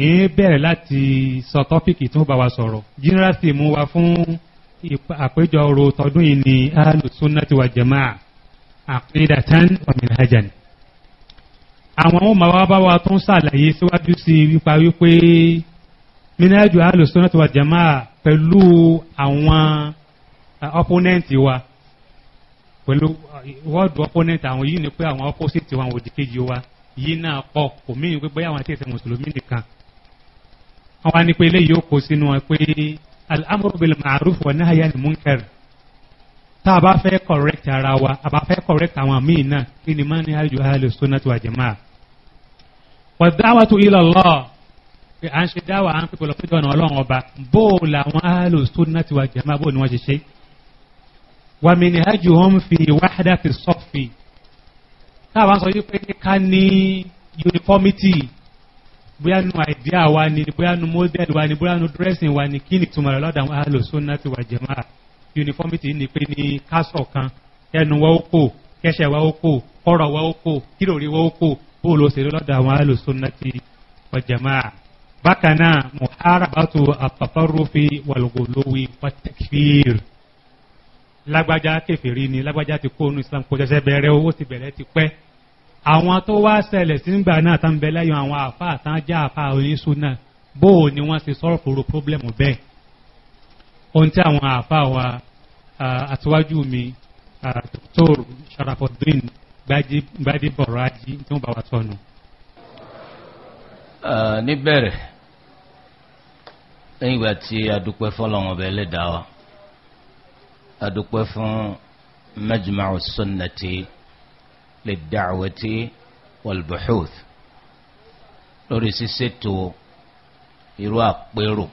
yìí bẹ̀rẹ̀ láti sọ tọ́pìkì tó bá wa sọ̀rọ̀ general theme wa fún àpéjọ ọrọ̀ tọdún yìí ni alùsùnà ti wà jẹ̀má àpéjà tan ọ̀mìnàjàn. àwọn ohun màá bá wa tó ń ṣàlàyé síwájú sí i wípé mínájú alùsùnà ti wà pẹ̀lú àwọn opponent wa pẹ̀lú wọ́ọ̀dù opponent àwọn yìí ni pé àwọn opposite wa àwọn òdìkejì wa yìí náà pọ̀ kò mí ní bóyá àwọn àti ẹ̀sẹ̀ mùsùlùmí nìkan wọn wá ní pé eléyìí yóò kó sínú wọn pé alamurubel maaruf wa nahaya ni munkar tá a bá fẹ́ correct ara wa a bá fẹ́ correct àwọn míì náà kí ni mani ajo ahalu sunna ti wa jama wa dáwà tó ilẹ̀ lọ pé à ń ṣe dáwà à ń pè pẹ̀lú ọ̀nà ọlọ́run ọba bó o làwọn ahalu sunna ti wa jama bó ni wọ́n ṣe ṣe wa mini ajo hom fi wáhádà ti sọ́ọ̀fì tá a bá sọ yí pé ká ní uniformity bóyá nu àìdíà wa ni bóyá nu mọ́dẹ́lì wa ni bóyá nu dírẹ́sìn wa ni kí ni ìtumọ̀ rẹ̀ lọ́dà wọn ti wà jẹ̀mọ́ à uniformity ni pé ní kásọ̀ kan ẹnu wa ó kò kẹsẹ̀ wa ó kò kọ́rọ̀ wa ó kò kíròrí wa ó kò bóòlù òṣèré lọ́dà wọn àlò ti wà jẹ̀mọ́ à. bákan náà muharabatu àpapọ̀rọ̀fẹ́ wàlúwòlówì pàtẹ́kìr lágbájá kẹfẹ́rí ni lágbájá ti kó islam kó jẹsẹ bẹ̀rẹ̀ owó àwọn tó wá ṣẹlẹ̀ sí ńgbà náà tá ń bẹ lẹ́yìn àwọn àfa àtànjá àfa oníṣu náà bó o ni wọ́n ṣe sọ̀rọ̀ fòrò pọ́blẹ́mù bẹ́ẹ̀ ohun tí àwọn àfa wa àtiwájú mi dr sharafodrin gbadebọ̀rọ̀ ají tí wọ́n bá wa sọnù. níbẹ̀rẹ̀ lẹ́yìn ìgbà tí adúpẹ́ fọlọ́wọn ọbẹ̀ lẹ́dàá wa adúpẹ́ fún mẹ́jùmáà sunnati lid والبحوث. wal-buhuth lórí ṣíṣètò irú àpérò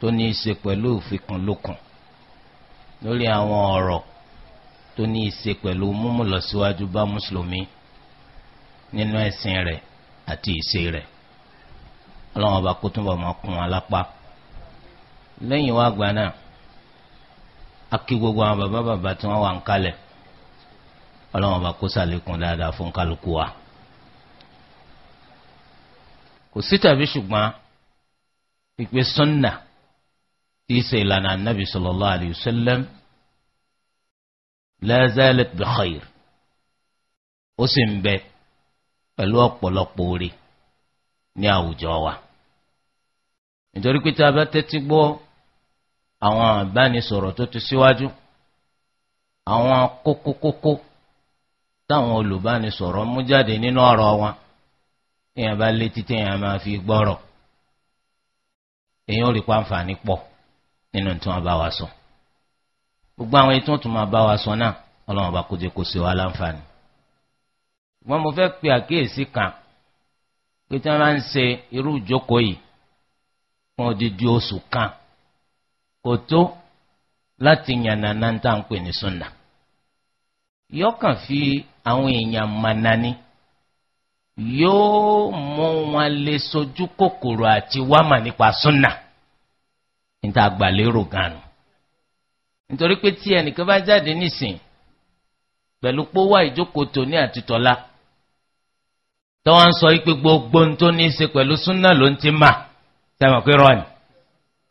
tó ní í ṣe pẹ̀lú ìfikùnlukùn lórí àwọn ọ̀rọ̀ tó ní í ṣe pẹ̀lú mímú lọ síwájú bá mùsùlùmí nínú ẹ̀sìn rẹ̀ àti ìṣe rẹ̀ ọlọ́run ọba kó túnbọ̀ máa kún wọn lẹ́yìn wá gbà náà gbogbo àwọn bàbá bàbá tí wọ́n wà ń kalẹ̀ ọlọ́wọ́n bá kó sàlékún dáadáa fún kálukú wa. kò sí tàbí ṣùgbọ́n ìpè sunna tí í ìlànà anabi sallallahu alayhi wa sallam la zalat bi khair ó sì ń bẹ pẹ̀lú ọ̀pọ̀lọpọ̀ oore ní àwùjọ wa nítorí pé tí a bá tẹ́tí gbọ́ àwọn àbánisọ̀rọ̀ tó ti síwájú àwọn kókókókó. Koko táwọn olùbánisọ̀rọ̀ mú jáde nínú ọ̀rọ̀ wọn èèyàn bá létí téèyàn máa fi gbọ́rọ̀ èèyàn ò rí pàǹfààní pọ̀ nínú tí wọ́n bá wa sọ gbogbo àwọn ètò tó máa bá wa sọ náà ọlọ́run bá kójú kó sí wa láǹfààní. ṣùgbọ́n mo fẹ́ pe àkíyèsí kan pé tí wọ́n bá ń ṣe irú ìjókòó yìí fún odidi oṣù kan kò tó láti yànnà náà tá à ń pè ní sunna yọkàn fi àwọn èèyàn mànání yóò mú wọn lè sojú kòkòrò àti wámà nípa súnà níta àgbàlérò ganu nítorí pé tí ẹnìkan bá jáde nísìn pẹ̀lú pówá ìjókòó tòní àti tọ́lá tọ́wọ́ ń sọ pé gbogbo ohun tó ní í ṣe pẹ̀lú súnà ló ń ti mà sẹ́wọ̀n pé rọ́ọ̀nì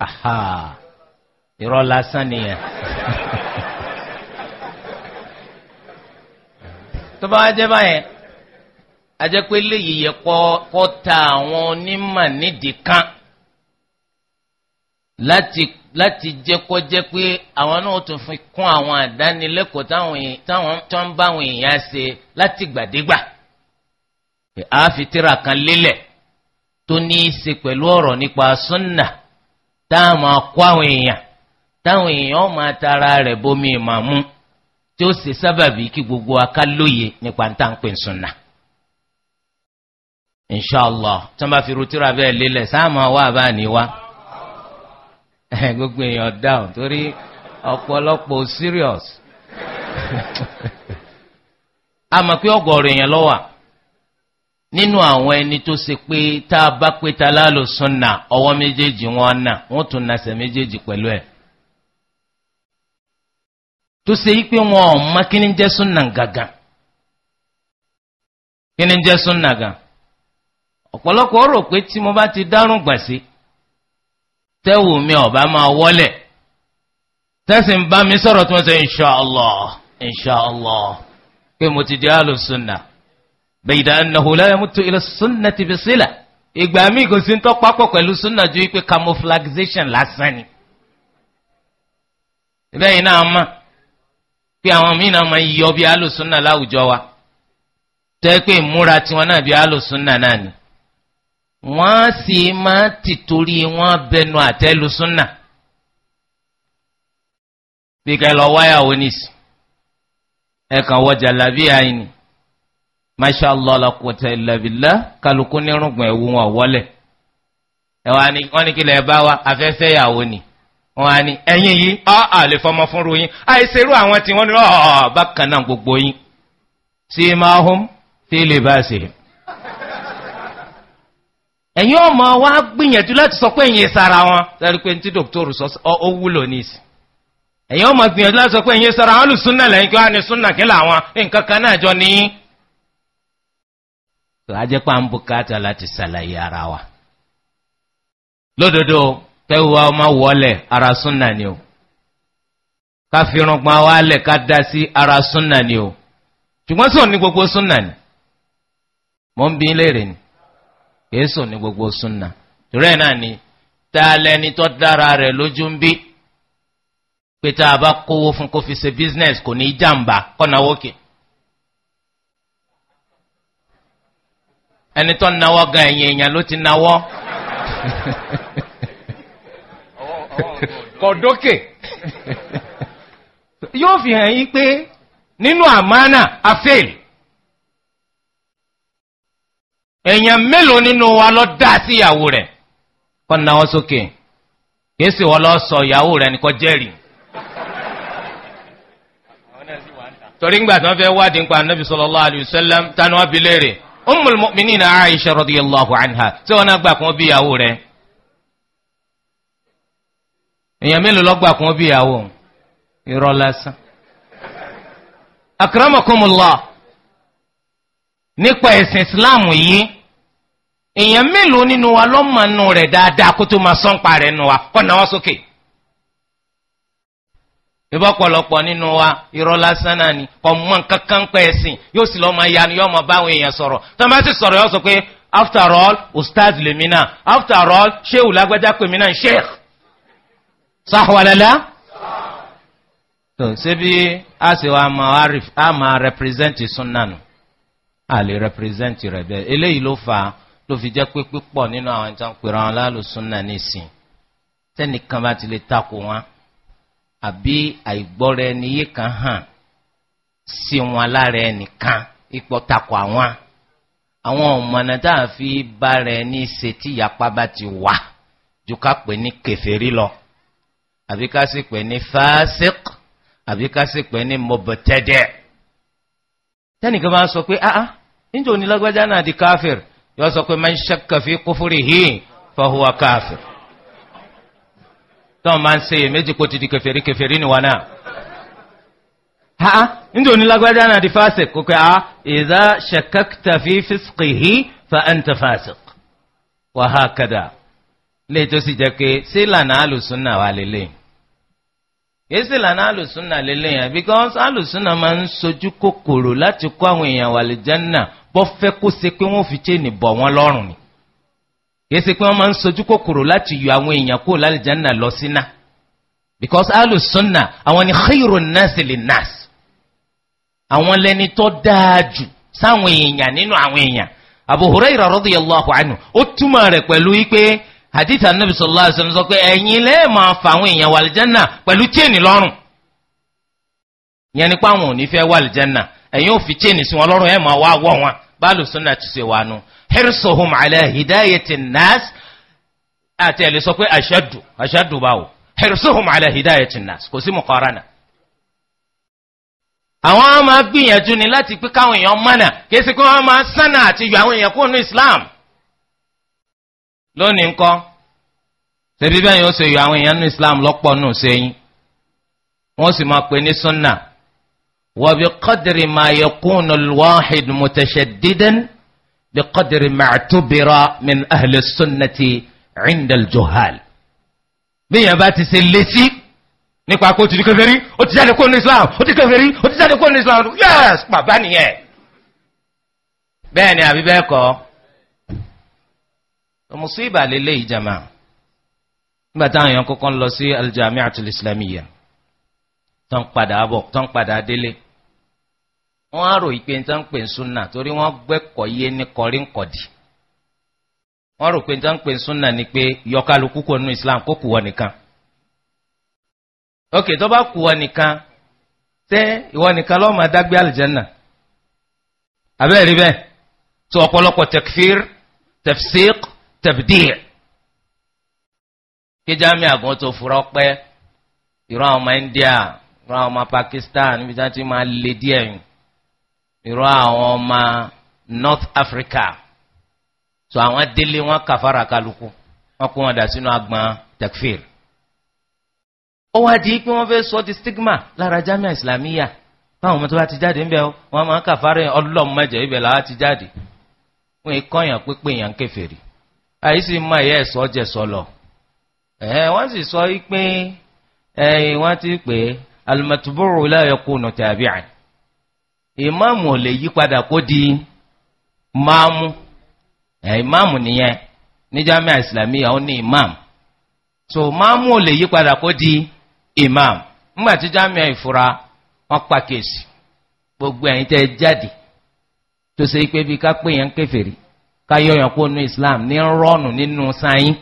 aha irọ́ lásán nìyẹn. tó bá wá jẹ́ báyẹn a jẹ́ pé léyìí yẹ kọ́ ta àwọn onímọ̀ nídìí kan láti láti jẹ́ kọ́ jẹ́ pé àwọn náà tún fi kún àwọn àdánilẹ́kọ̀ọ́ táwọn tó ń bá àwọn èèyàn ṣe láti gbàdégbà a kan lélẹ̀ tó ní í ṣe pẹ̀lú ọ̀rọ̀ nípa súnnà táwọn máa àwọn èèyàn táwọn èèyàn máa tara rẹ̀ bómi ìmàmú. tí ó ṣe sábàbí kí gbogbo aká lóye nípa níta ń pè sunna. inshallah tí wọn bá fi rotira bẹ́ẹ̀ lélẹ̀ sáàmà wà bá ní gbogbo èèyàn dáhùn torí ọ̀pọ̀lọpọ̀ serious a mọ̀ pé ọ̀gọ̀ọ̀rọ̀ èèyàn lọ́wọ́ nínú àwọn ẹni tó ṣe pé tá a bá tó ṣe yí pé wọn ò mọ kí ni jẹ́ súnà gàgàn kí ni jẹ́ súnà gàn ọ̀pọ̀lọpọ̀ rò pé tí mo bá ti dárùn gbà mi ọ̀bá máa wọlé tẹ́sí ń bá mo ti di alùsùnà bẹ̀yìdá ẹnìhùn lẹ́yìn mú tó ilẹ̀ súnà ti fi sílẹ̀ ìgbà mi kò sí ń tọ́ pápọ̀ pẹ̀lú súnà ju wípé camouflagization lásán ni. náà pé àwọn míì náà máa ń yọ bí alùsùnà láwùjọ wa tẹ́ pé ìmúra tiwọn náà bí alùsùnà náà ni wọ́n sì máa ti torí wọ́n bẹnu àtẹ́lùsùnà bí ká lọ wáyàwó nísì ẹ kàn wọ jàlábíà yìí masha allah la quwwata illa billah kálukú nírùngbọ̀n ẹ̀wù wọn wọlé ẹ̀ wọ́n ní kí lè bá wa afẹ́fẹ́ yàwó ni wọ́n á ní ẹ̀yìn yìí ọ́ àlè fọmọ fúnru àìsèrú àwọn tí wọ́n ni gbogbo yìí sí máa hún tí lè bá ṣe. ọmọ wa gbìyànjú láti sọ pé sara wọn láti pé tí dòkítọ́rù sọ ó wúlò ọmọ gbìyànjú láti sọ pé ẹ̀yin sara wọn lù lẹ́yìn kí wọ́n ní súnà kí tẹ́wọ́ ọmọ wọlẹ̀ ara súnà ni o ká fi irunpa wálẹ̀ ká dá sí ara súnà ni o ṣùgbọ́n sùn ní gbogbo súnà ni mò ń bí léèrè ni kìí sùn ní gbogbo súnà torí ẹ̀ náà ni tá a lẹni tó dára rẹ̀ lójú ń bí pé tá a bá kówó fún kó fi ṣe business kò ní í jàǹbá kọ́nàwó kì ẹni tó náwó gan ẹ̀yìn èèyàn ló ti náwó. kọ̀dókè yóò fi hàn yí pé nínú àmánà afẹ́l èèyàn mélòó nínú wa lọ dá sí ìyàwó rẹ̀ kọ́ náwó sókè kèsì wọ́n lọ sọ ìyàwó rẹ̀ nìkan jẹ́rìí torí tí wọ́n fẹ́ wádìí nípa anabi sallallahu anha tí wọ́n náà gbà bí èèyàn mélòó lọ́gbà kún bí ìyàwó irọ́ lásán akramakumullah nípa ẹ̀sìn islam yìí èèyàn mélòó nínú wa lọ́mọ nù rẹ̀ dáadáa kó tó máa sọ́npa rẹ̀ nù wa kọ́ náà wọ́n sókè. ìbọ̀pọ̀lọpọ̀ nínú wa irọ́ lásán náà ni kò mọ nǹkan kan pẹ́ ẹ̀sìn yóò sì lọ́ọ́ máa yanu yóò máa báwọn èèyàn sọ̀rọ̀ tó sì sọ̀rọ̀ yóò sọ pé after all ustaz lèmi náà after all sheu lágbájá pèmí náà sheikh sáhùwàlẹ́lá tó ṣe bí a sì wá máa rẹpírẹsẹ̀ntì súnnànù a lè rẹpírẹsẹ̀ntì rẹ̀ bẹ́ẹ̀ eléyìí ló fà ló fi jẹ́ pé pípọ̀ nínú àwọn ìtàn pèrè àwọn aláàlú súnnà nísìn tẹ́nìkan bá ti lè takò wọn àbí àìgbọ́ra ẹni yé kan hàn sí wọn lára ẹnìkan ipò takò àwọn àwọn ọ̀mọ̀nà tá a fi bára ẹni ṣe tí ìyapa bá ti wà ju ká pè ní kèfèrí lọ àbí ká sì pè ní fásik àbí ká sì pè ní mọ̀bọ̀tẹ́dẹ̀. tẹ́nìkan bá ń sọ pé áá níjọ́ ní lágbájá náà di káfíìr yóò sọ pé man shakka fi kufrihi fahuwa káfíìr. tọ́ máa ń ṣe èméjì kó ti di kẹfẹ́rí kẹfẹ́rí ni wọn náà. áá níjọ́ ní lágbájá náà di fásik kó pé áá idha shakkakta fi fa anta fásik. wa hakada lè tó jẹ́ pé sílànà alùsùn náà wà lélẹ́yìn yéésì lànà alùsùnà lélẹ̀ yẹn because alùsùnà máa ń sojú kòkòrò láti kó àwọn èèyàn wà lìjánà bọ́ fẹ́ kó ṣe pé wọ́n fi chain bọ̀ wọ́n lọ́rùn ni yéésì pé wọ́n máa ń sojú kòkòrò láti yọ àwọn èèyàn kó lálìjánà lọ sínà because alùsùnà àwọn ni khayrun nasi lin nas àwọn lẹni tó dáa jù sáwọn èèyàn nínú àwọn èèyàn Abu Hurairah radiyallahu anhu ó túmọ̀ rẹ̀ pẹ̀lú wípé hadith anabi sallallahu alaihi wasallam sọ pé ẹ̀yin lẹ máa fa àwọn èèyàn wà lìjánà pẹ̀lú chain lọ́rùn ìyẹn ni pé àwọn ò ní fẹ́ wà lìjánà ẹ̀yin ò fi chain sí wọn lọ́rùn ẹ máa wá wọ wọn báàlù sunna ti ṣe wà nù hirsuhum ala hidayati nas àti ẹ lè sọ pé ashaddu ashaddu báwo hirsuhum ala hidayati nas kò sí muqarana àwọn máa gbìyànjú ni láti pé káwọn èèyàn mọ̀nà kí ẹ sì pé wọ́n máa sánà àti yọ àwọn èèyàn kúrò ní islam lónìí ńkọ́ ṣebí bẹ́ẹ̀ yóò ṣe yọ àwọn èèyàn ní islam lọ́pọ̀ nù sẹ́yìn wọ́n sì máa pè ní sunna wa bi qadri ma yakunu al-wahid mutashaddidan bi qadri ma'tubira min ahli sunnati inda al-juhal bí yẹn bá ti ṣe létí nípa kó ti di kèfèrí ó ti jáde kó islam ó ti kèfèrí ó ti jáde kó islam yes bàbá nìyẹn bẹ́ẹ̀ ni àbí bẹ́ẹ̀ kọ́ musiba lélẹ̀ ìjàmà nígbà táwọn èèyàn kọ́kọ́ ń lọ sí aljamiatul islamiyya tó ń padà bọ̀ tó ń padà délé wọ́n á rò ìpè tó ń pè sunna torí wọ́n gbẹ́kọ̀ yé ní kọrínkọ̀dì wọ́n rò pé tó ń pè ni pé yọkálukú kò nu islam kó kù wọ́n nìkan ok tó bá kù wọ́n nìkan tẹ́ ìwọ nìkan lọ́ọ́ máa dágbé aljanna abẹ́rẹ́ bẹ́ẹ̀ tó ọ̀pọ̀lọpọ̀ tekfir tefsiq tẹ̀bìdì kí jamiu àgùn tó furọ́ pẹ́ ìrọ̀ àwọn ọmọ India ìrọ̀ ọmọ Pakistan níbi tí wọ́n ti máa lé díẹ̀ yìí ìrọ̀ àwọn ọmọ North Africa so àwọn délé wọn kàfàrà kálukú wọn kó wọn dà sínú agbọn takfir ó wá di pé wọ́n fẹ́ sọ di stigma lára jamiu islamiyya báwọn ọmọ tó bá ti jáde ńbẹ wọ́n máa kàfàrà ọlọmọdé ibẹ̀ làwọn ti jáde wọ́n èkó yàn pé pé yàn kèfèrí àìsí mọ ẹ̀yẹ ẹ̀sọ́ jẹ sọlọ ẹ̀ wọ́n sì sọ pé ẹ̀yìn wọ́n ti pè é alimatuburu la yakunu ìmáàmù ò lè padà kó di máàmù ẹ̀ ìmáàmù nìyẹn ní jami'a islamiyya ní ìmáàmù so máàmù ò lè yí padà kó di ìmáàmù ńgbà tí jami'a ìfura wọ́n gbogbo ẹ̀yin tẹ jáde tó ṣe pé bí ká pè káyọ̀yàn kó nu islam ní rọ́ọ̀nù nínú sáyìn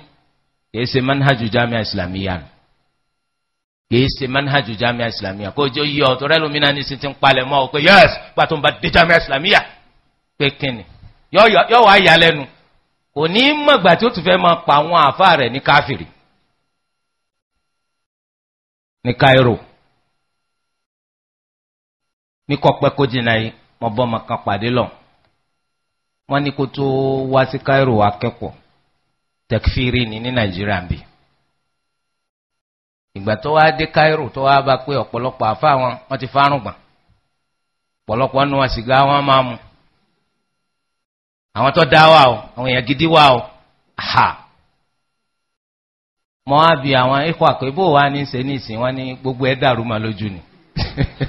kìí ṣe manhajù jamia islamiyà kìí ṣe manhajù jamia islamiyà kó jẹ́ yí ọ̀tọ̀ rẹ lómìnira ní sin ti ń palẹ̀ mọ́ ọ pé yẹ́s pàtó ń bá dé jamia islamiyà pé kíni yọ wá yà lẹ́nu kò ní mọ̀gbà tí ó tún fẹ́ máa pa àwọn àfa rẹ̀ ní káfìrì ní Cairo ní kọ́pẹ́ kó yìí mo bọ́ ọmọ kan pàdé lọ́hùn wọ́n ní kó tó wá sí Cairo akẹ́kọ̀ọ́ tẹkfiri ni ní Nàìjíríà bí ìgbà tó wá dé Cairo tó wá bá pé ọ̀pọ̀lọpọ̀ àfa wọn wọ́n ti fárùn gbọ̀n ọ̀pọ̀lọpọ̀ nu wọn wọn máa mu àwọn tó dá wà o àwọn èèyàn gidi wà o ha mọ á bi àwọn ikọ̀ àpébò wa ní í ìsìn wọn ní gbogbo ẹ̀ dàrú ma lójú ni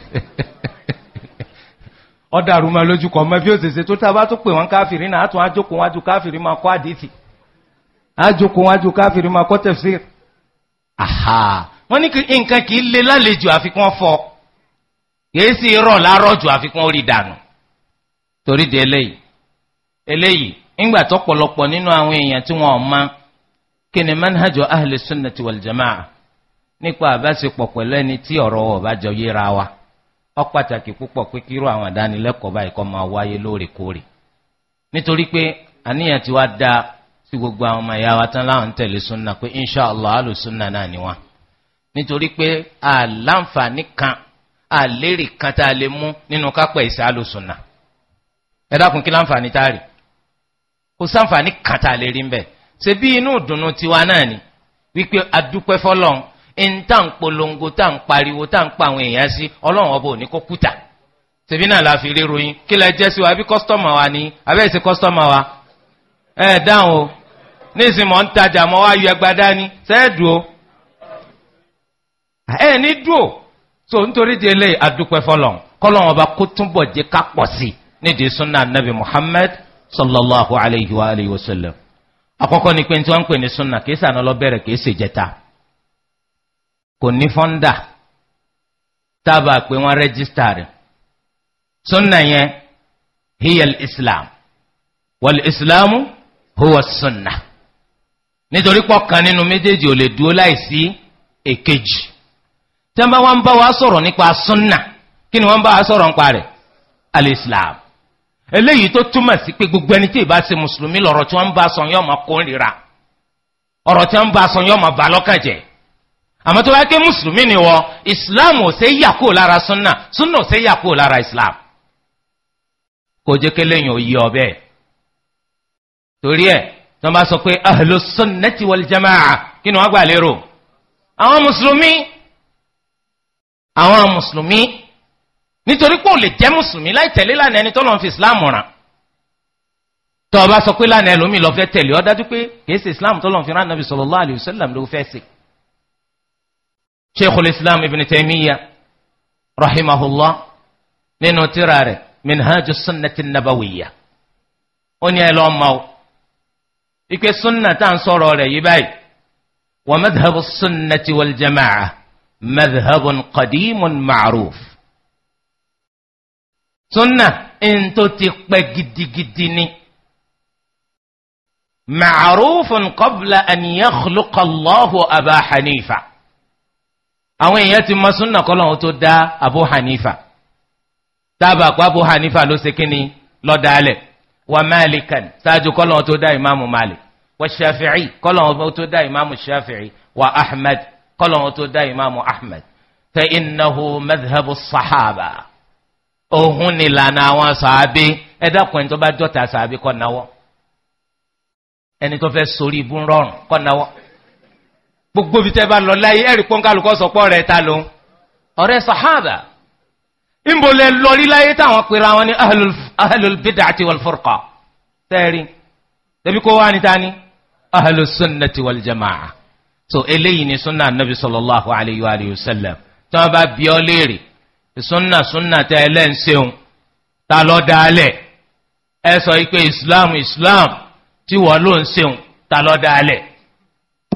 ọ̀dàrú ma lójú kọ̀ mọ́ bí ó ṣe ṣe tó tá a bá tó pè wọ́n káfìrí náà á tún ájókòó wájú káfìrí máa kọ́ àdìsí ájókòó wájú káfìrí máa kọ́ tẹ̀sí. wọ́n ní nǹkan kì í le lálejò àfikún fọ kìí sì rọ̀ lárọ̀ jù àfikún orí dànù torí di eléyìí eléyìí ńgbà tó pọ̀lọpọ̀ nínú àwọn èèyàn tí wọ́n mọ kí ni manhajo ahli sunnati wal nípa àbáṣepọ̀ pẹ̀lú ẹni tí ọ̀rọ̀ wọ̀ yíra wa. ọ pàtàkì púpọ̀ pé kíró àwọn àdánilẹ́kọ̀ọ́ báyìí kọ́ máa wáyé lóòrèkóòrè nítorí pé àníyàn ti wá da sí gbogbo àwọn ọmọ ìyá wa tán láwọn tẹ̀lé súnà pé allah súnà náà ni wọn nítorí pé kan àlérè kan tá a lè mú nínú kápẹ́ ìsẹ́ àlò súnà ẹ dákun kí láǹfààní tá a kò tiwa náà ni wípé adúpẹ́ ń ń polongo tà ń pariwo tà ń pa àwọn èèyàn sí ọlọ́run ọba kó kúta tèmi náà la wa àbí kọ́sítọ́mà wa ni àbẹ́ kọ́sítọ́mà wa ẹ dáhùn o nísìnyí mọ̀ ń tajà mọ́ wá yọ dání o ẹ ní so nítorí di eléyìí adúpẹ́ fọlọ́n ọba kó túnbọ̀ jẹ́ ká sunna nabi muhammed sallallahu alayhi wa alayhi wa sallam àkọ́kọ́ ni pé tí sunna kì í sànà lọ bẹ̀rẹ̀ kì í kò ní fọ́ndà tábà pé wọ́n rẹ́gísítà rẹ̀ sunna yẹn hiyal islam wal islamu huwa sunna nítorí pọ̀ kan nínú méjèèjì ò lè dúó láìsí èkejì tí wọn bá wọ́n sọ̀rọ̀ nípa sunna kí ni wọ́n bá sọ̀rọ̀ nípa rẹ̀ al islam eléyìí tó túmọ̀ sí pé gbogbo ẹni tí àmọ́ tó bá ké mùsùlùmí ni wọ islam ò ṣe yà kó lára sunna sunna ò ṣe yà kó lára islam kò jẹ́ kí lẹ́yìn ò yí ọ bẹ́ẹ̀ torí ẹ̀ tó bá sọ pé ahlu sunnati wal jamaa kí ni wọ́n gbà lérò àwọn mùsùlùmí àwọn mùsùlùmí nítorí pé ò lè jẹ́ mùsùlùmí láì tẹ̀lé lánàá ẹni tó lọ́n fi islam ràn tó bá sọ pé lánàá ẹlòmíì lọ́ fẹ́ tẹ̀lé ọ dájú pé kìí ṣe islam tó lọ́n fi rán nàbì sallallahu alaihi ló fẹ́ ṣe. شيخ الإسلام ابن تيمية رحمه الله نينو تراري من هاج السنة النبوية ونيا لومو إك السنة تان صورو يباي ومذهب السنة والجماعة مذهب قديم معروف سنة إن تتقى جد جدني معروف قبل أن يخلق الله أبا حنيفة àwọn èèyàn ti mọ súnà kọ́lọ́hún tó dá abu hanifa tábà kó abu hanifa ló ṣe kínní lọ́dàálẹ̀ wa malikan ṣáájú kọ́lọ́hún tó dá imaamu malik wa shafi'i kọ́lọ́hún tó dá imaamu shafi'i wa ahmed kọ́lọ́hún tó dá imaamu ahmed fa innahu madhabu sahaba òhun ni lànà àwọn sàábé ẹ ẹni tó bá jọta sàábé kọ́ náwọ́ ẹni tó fẹ́ sórí ibú rọrùn kọ́ náwọ́ gbogbo bí tẹ́ bá lọ láyé ẹ̀rì pọ́nkálùkọ́ sọpọ́ rẹ̀ ta ló ọ̀rẹ́ sàhábà ìbò lẹ lọ rí láyé táwọn pera wọn ní ahlul bid'ati wal tẹ́rí tẹ́bí kó wá ní ta ní ahlus sunnati wal jama'a so eléyìí ni sunna nabi sallallahu alayhi wa alihi wa sallam tí wọ́n bá bi ọ́ léèrè sunna sunna tẹ́ ẹlẹ́ǹsẹ̀hún ta ló dálẹ̀ ẹ sọ pé islam islam tí wọ́n ló ń sẹ̀hún ta ló dálẹ̀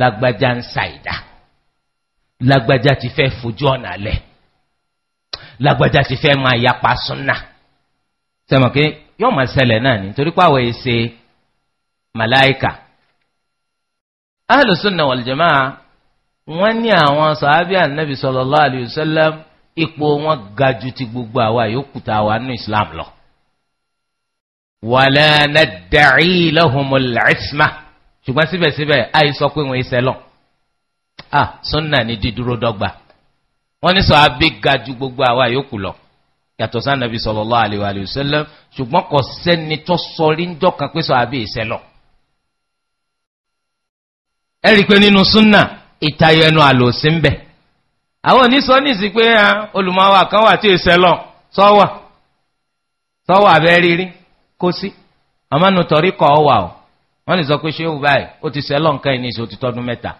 lágbájá ń ṣàìdá lágbájá ti fẹ́ fojú ọ̀nà lẹ̀ lágbájá ti fẹ́ máa yapa súnà sẹ́mọ̀ kí yóò máa ṣẹlẹ̀ náà ni torí pàwọ̀ yìí ṣe màláìkà ahlùsùnà wàlùjẹ̀má wọ́n ní àwọn sàábì ànábì sallallahu alayhi wa sallam ipò wọn ga ju ti gbogbo àwa yòókù tá nínú Islam lọ. wàlẹ́ nadda'i lahumul isma. ṣùgbọ́n síbẹ̀síbẹ̀ àì pé wọ́n ṣẹlọ̀ ah sunna ni dídúró dọ́gba wọ́n ní sọ ju gbogbo àwa yòókù lọ yàtọ̀ sí anabi sallallahu alaihi wa ṣùgbọ́n kò sẹ́ni tó sọrí pé sọ abẹ́ ìṣẹlọ̀ ẹ rí i pé nínú sunna ìtayọ àlòsí ń bẹ àwọn onísọ nìsí pé olùmọ̀wá kan wà tí ìṣẹlọ̀ o. wọ́n lè sọ pé ṣéwù báyìí ó ti sẹ́lọ̀ nǹkan yìí ní ìṣó ti tọ́dún mẹ́ta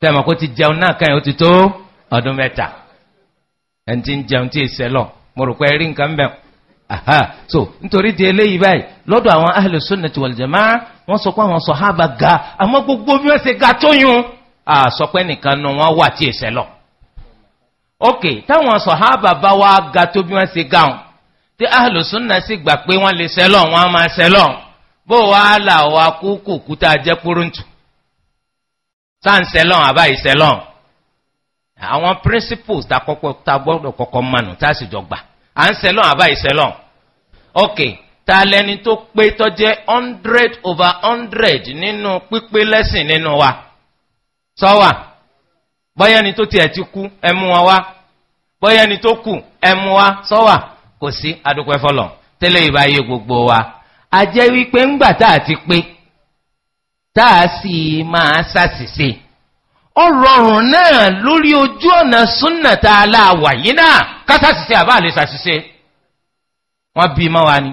tẹ̀mọ̀ kó ti jẹun náà kan yìí ó ti tó ọdún mẹ́ta ẹni tí ń jẹun tí ì sẹ́lọ̀ mo rò pé rí nǹkan bẹ́ẹ̀ aha so nítorí di eléyìí báyìí lọ́dọ̀ àwọn ahlu sunnati wal jamaa wọ́n sọ pé àwọn sàhábà ga àmọ́ gbogbo bí wọ́n ṣe ga tó yún à sọ pé nìkan nu wọ́n wà tí ì sẹ́lọ̀ ok táwọn sàhábà bá wá ga tó bí wọ́n ṣe ga hàn tí ahlu sunnati sì gbà pé wọ́n lè sẹ́lọ̀ wọ́n á máa sẹ́lọ̀ bó wàá là wá kú kò kúta jẹ́ kúrúntù sáǹsẹ̀lọ́n àbáyìsẹ̀lọ́n àwọn principles ta kọ́kọ́ ta gbọ́dọ̀ kọ́kọ́ mọ̀nù tá a sì jọ gbà à ń sẹ̀lọ́n àbáyìsẹ̀lọ́n ok ta lẹni tó pé tó jẹ́ hundred over hundred nínú pípé lẹ́sìn nínú wa sọ́wà bọ́yá ni tó tiẹ̀ ti kú ẹmu wa wá bọ́yá ni tó kù ẹmu wa sọ́wà kò sí adúpẹ́ tẹ́lẹ̀ ìbáyé gbogbo wa a jẹ́ wípé ńgbà tá a ti pé tá a sì máa ṣàṣìṣe ó rọrùn náà lórí ojú ọ̀nà súnà tá a la wà yìí náà ká ṣàṣìṣe àbá àlè ṣàṣìṣe wọ́n bí mọ́ wa ni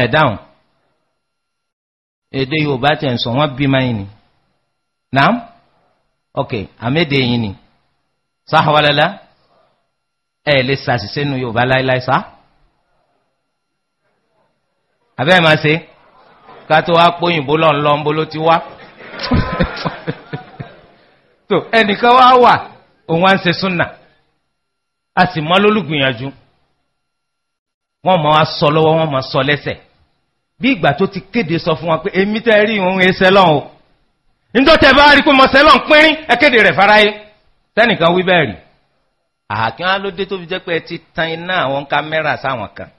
ẹ̀ dáhùn èdè Yorùbá tẹ̀ ń sọ wọ́n bí mọ́ yìí ni naam ok àmẹ́dẹ yìí ni sáhàwálẹ́lá ẹ̀ lè ṣàṣìṣe nu Yorùbá láéláé sáà abẹ́ẹ̀ máa ṣe kátó wá póyìnbó lọ́nlọ́ ń bolo ti wá tó ẹnìkan wá wà òun wá ń ṣe súnà a sì mọ́ lólùgbìyànjú wọ́n máa wá sọ lọ́wọ́ wọ́n máa sọ lẹ́sẹ̀ bí ìgbà tó ti kéde sọ fún wọn pé èmi tẹ́ rí òun ẹsẹ̀ lọ́n o nítorí bá rí pé mọ̀sẹ̀ lọ́n pínrín ẹ kéde rẹ̀ fáráyé tẹ́nìkan wí bẹ́ẹ̀ rí àkíwá ló dé tó jẹ́ pé ẹ ti tan iná àwọn kámẹ́rà sáwọn kan